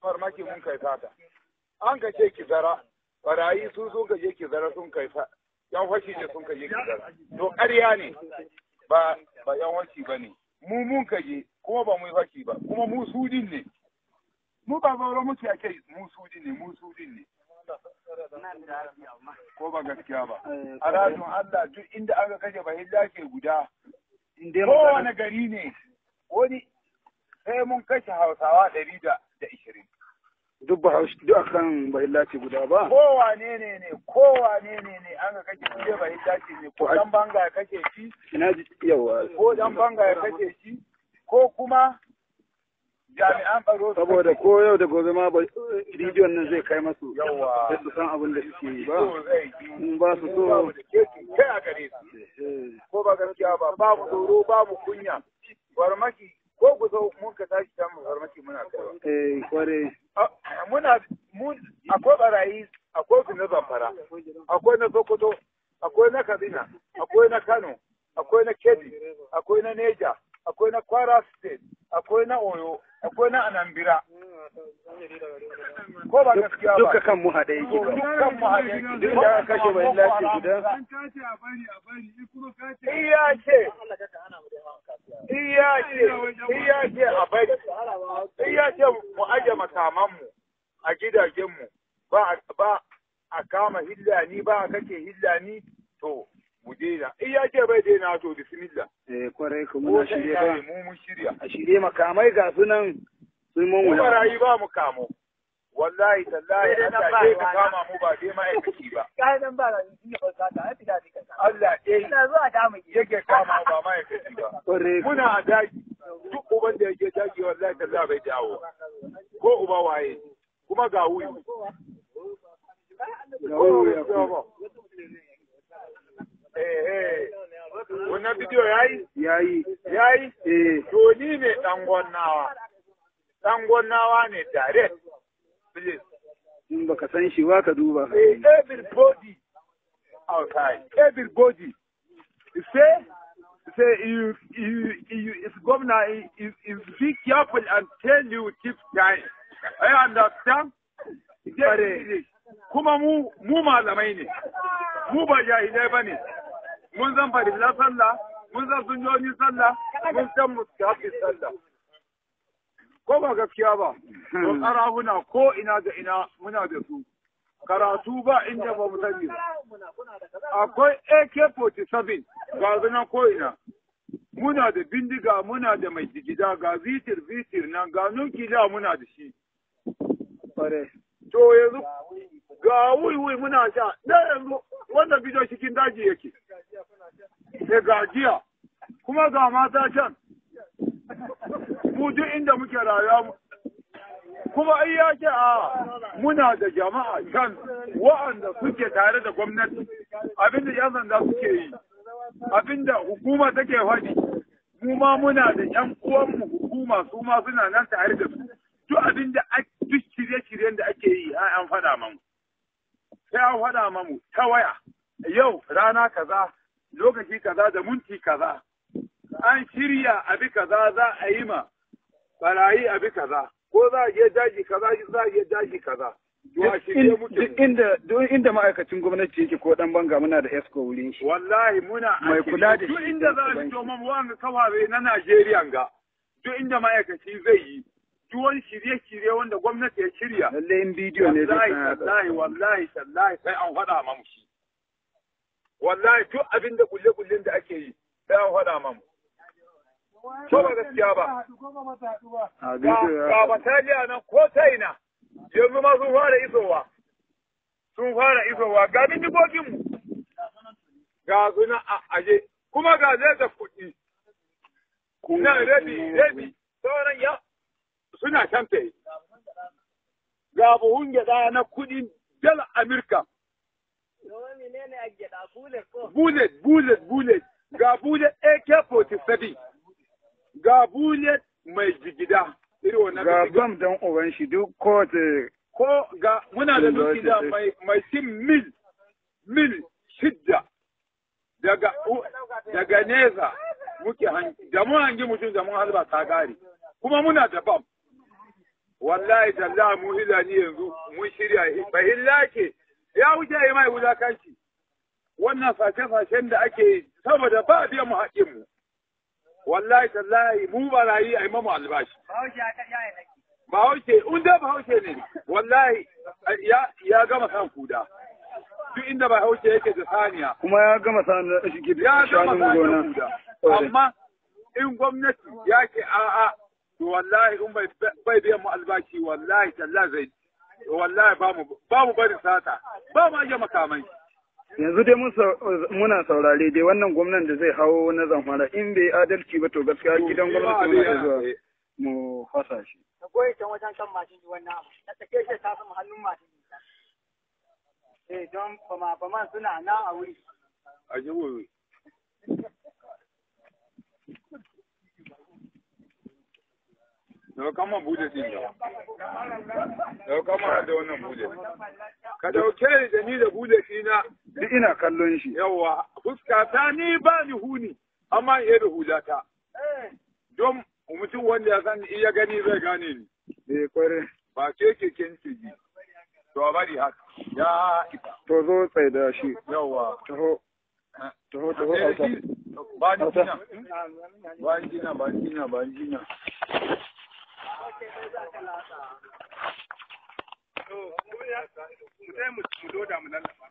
farmaki mun kai fata an ka ce kizara barayi su sun ka je kizara sun kai fa yan fashi ne sun ka je kizara to ƙarya ne ba ba yan fashi ba ne mu mun ka je kuma ba mu yi fashi ba kuma mu sudin ne mu ba zauro mu ya kai mu sudin ne mu sudin ne ko ba gaskiya ba a rajin Allah duk inda aka kashe bahilla ke guda kowane gari ne wani sai mun kashe hausawa ɗari da da ishirin. Duk ba duk akan bahillaci guda ba? Kowa ne ne ne, kowa ne ne ne an ga kake kuje bahillaci ne, ko dan banga ya kake shi. Ko dan banga ya kake shi, ko kuma jami'an tsaro saboda ko yau da gobe ma ba rijiyon nan zai kai masu yawa su san abin da suke yi ba in ba su so kai a gare su eh. ko ba gaskiya ba babu tsoro babu kunya barmaki ko guzo mun ka tashi ta mu farmaki muna eh kware muna mun akwai barayi akwai su na zamfara akwai na sokoto akwai na kaduna akwai na kano akwai na kebbi akwai na neja akwai na kwara state akwai na oyo akwai na anambra ko ba gaskiya ba duka kan mu haɗe yake mu haɗe yake duk da aka kashe bai lafiya iya ce in ya ce a bari in ya ce mu aje makamanmu a gidajenmu ba ba a kama hillani ba a kake hillani to mu daina in ya ce bai daina to bismillah eh kwarai kuma na shirye ba mu mun shirya a shirye makamai ga sunan sun mun wula rayu ba mu kamo wallahi tallahi ta ce ka kama mu ba dai ma'aikaci ba kai dan ba ni ba ka ta ai fita ka Allah eh ina zuwa da mu yake ka muna a daji duk uban da yake daji wallahi talla bai dawo ko uba waye kuma ga wuyu eh, eh. wannan bidiyo yayi yayi yayi eh to ni ne dan gonnawa dan gonnawa ne direct please in baka san shi ba ka duba eh, everybody outside everybody say say you, you, you, if governor you, is be careful and tell you keep time. I understand. Kuma mu mu malamai ne, mu ba jahilai ba ne, mun zan farilla sallah, mun zan sunjoni sallah, mun san mustahabi sallah. Ko ba gaskiya ba, ko tsara muna ko ina da ina muna da su. karatu ba inda ba mu sani ba akwai AK47 ga zanen ko'ina muna da bindiga muna da mai jigida ga vitir vitir nan ga nukiliya muna da shi to yanzu ga wuiwui muna sha na yanzu wanda bido cikin daji yake da gajiya kuma ga mata can mu duk inda muke rayuwa kuma ai ya ce a muna da jama'a kan wa'anda suke tare da gwamnati abinda yan sanda suke yi abinda hukuma take faɗi mu ma muna da yan uwanmu hukuma su ma suna nan tare da su duk abinda duk shirye-shiryen da ake yi a an faɗa mamu sai an faɗa mamu ta waya yau rana kaza lokaci kaza da minti kaza an shirya abi kaza za a yi ma barayi abi kaza ko za a je daji kaza za a je daji kaza duk inda ma'aikacin gwamnati yake ko dan banga muna da esko wurin shi wallahi muna mai kula da duk inda za a fito man ga kawabe na Najeriya ga duk inda ma'aikaci zai yi duk wani shirye-shirye wanda gwamnati ya shirya lalle in bidiyo ne zai wallahi wallahi wallahi sai an faɗa mamu wallahi duk abin da gaskiya ba. Ga bataliya nan ko ta ina, yanzu ma sun fara isowa. Sun fara isowa, ga bindigoginmu. Ga suna a aje, kuma ga zai da kuɗi. Na rabi, rabi, sauran ya suna canfe. Ga buhun gyaɗa na kuɗin dala Amurka. Bulet, bulet, bulet, ga bulet AK-47. ga bullet mai jigida iri wannan ga bam dan uban shi duk kowace eh, ko ga muna da da mai mai cin mil mil shidda daga daga neza muke hangi da mun hangi mutum da mun halba ta gari kuma muna da bam wallahi talla mu ni yanzu mun shirya bahilla illake ya wuce yi mai wuzakanci wannan sace-sacen da ake saboda ba biyan mu haƙƙin mu wallahi tallahi mu barayi a yi mamu albashi bahaushe in dai bahaushe ne wallahi ya gama san kuda duk inda bahaushe yake da saniya kuma ya gama saniya ya gama gona amma in gwamnati ya ce a'a to wallahi in bai biyan mu albashi wallahi tallahi zai wallahi ba mu bari sata ba mu aje makamai yanzu dai muna saurare dai wannan gwamnan da zai hawo na zamfara in bai adalci ba to gaskiya gidan eh, gwamnati mai zuwa eh. mu fasa shi. Ka goyi can wajen kan mashin wannan abu, ta take shi ta samu hannun mashin. Eh don fama faman suna na a wuri. A ji wuri. Daga kama bude sin da. kama da wannan bude. ka ɗauke ni da ni da bulefi na duk ina kallon shi yawa fuskata ni ba ni huni amma iya da hujata don mutum wanda ya san iya gani zai gane ni eh kware ba ke ke ken ce ji to bari haka ya to zo tsaye da shi yawa taho taho taho eh, auta ba ni jina ba ni jina ba ni jina ba ni mu mu loda mu lallafa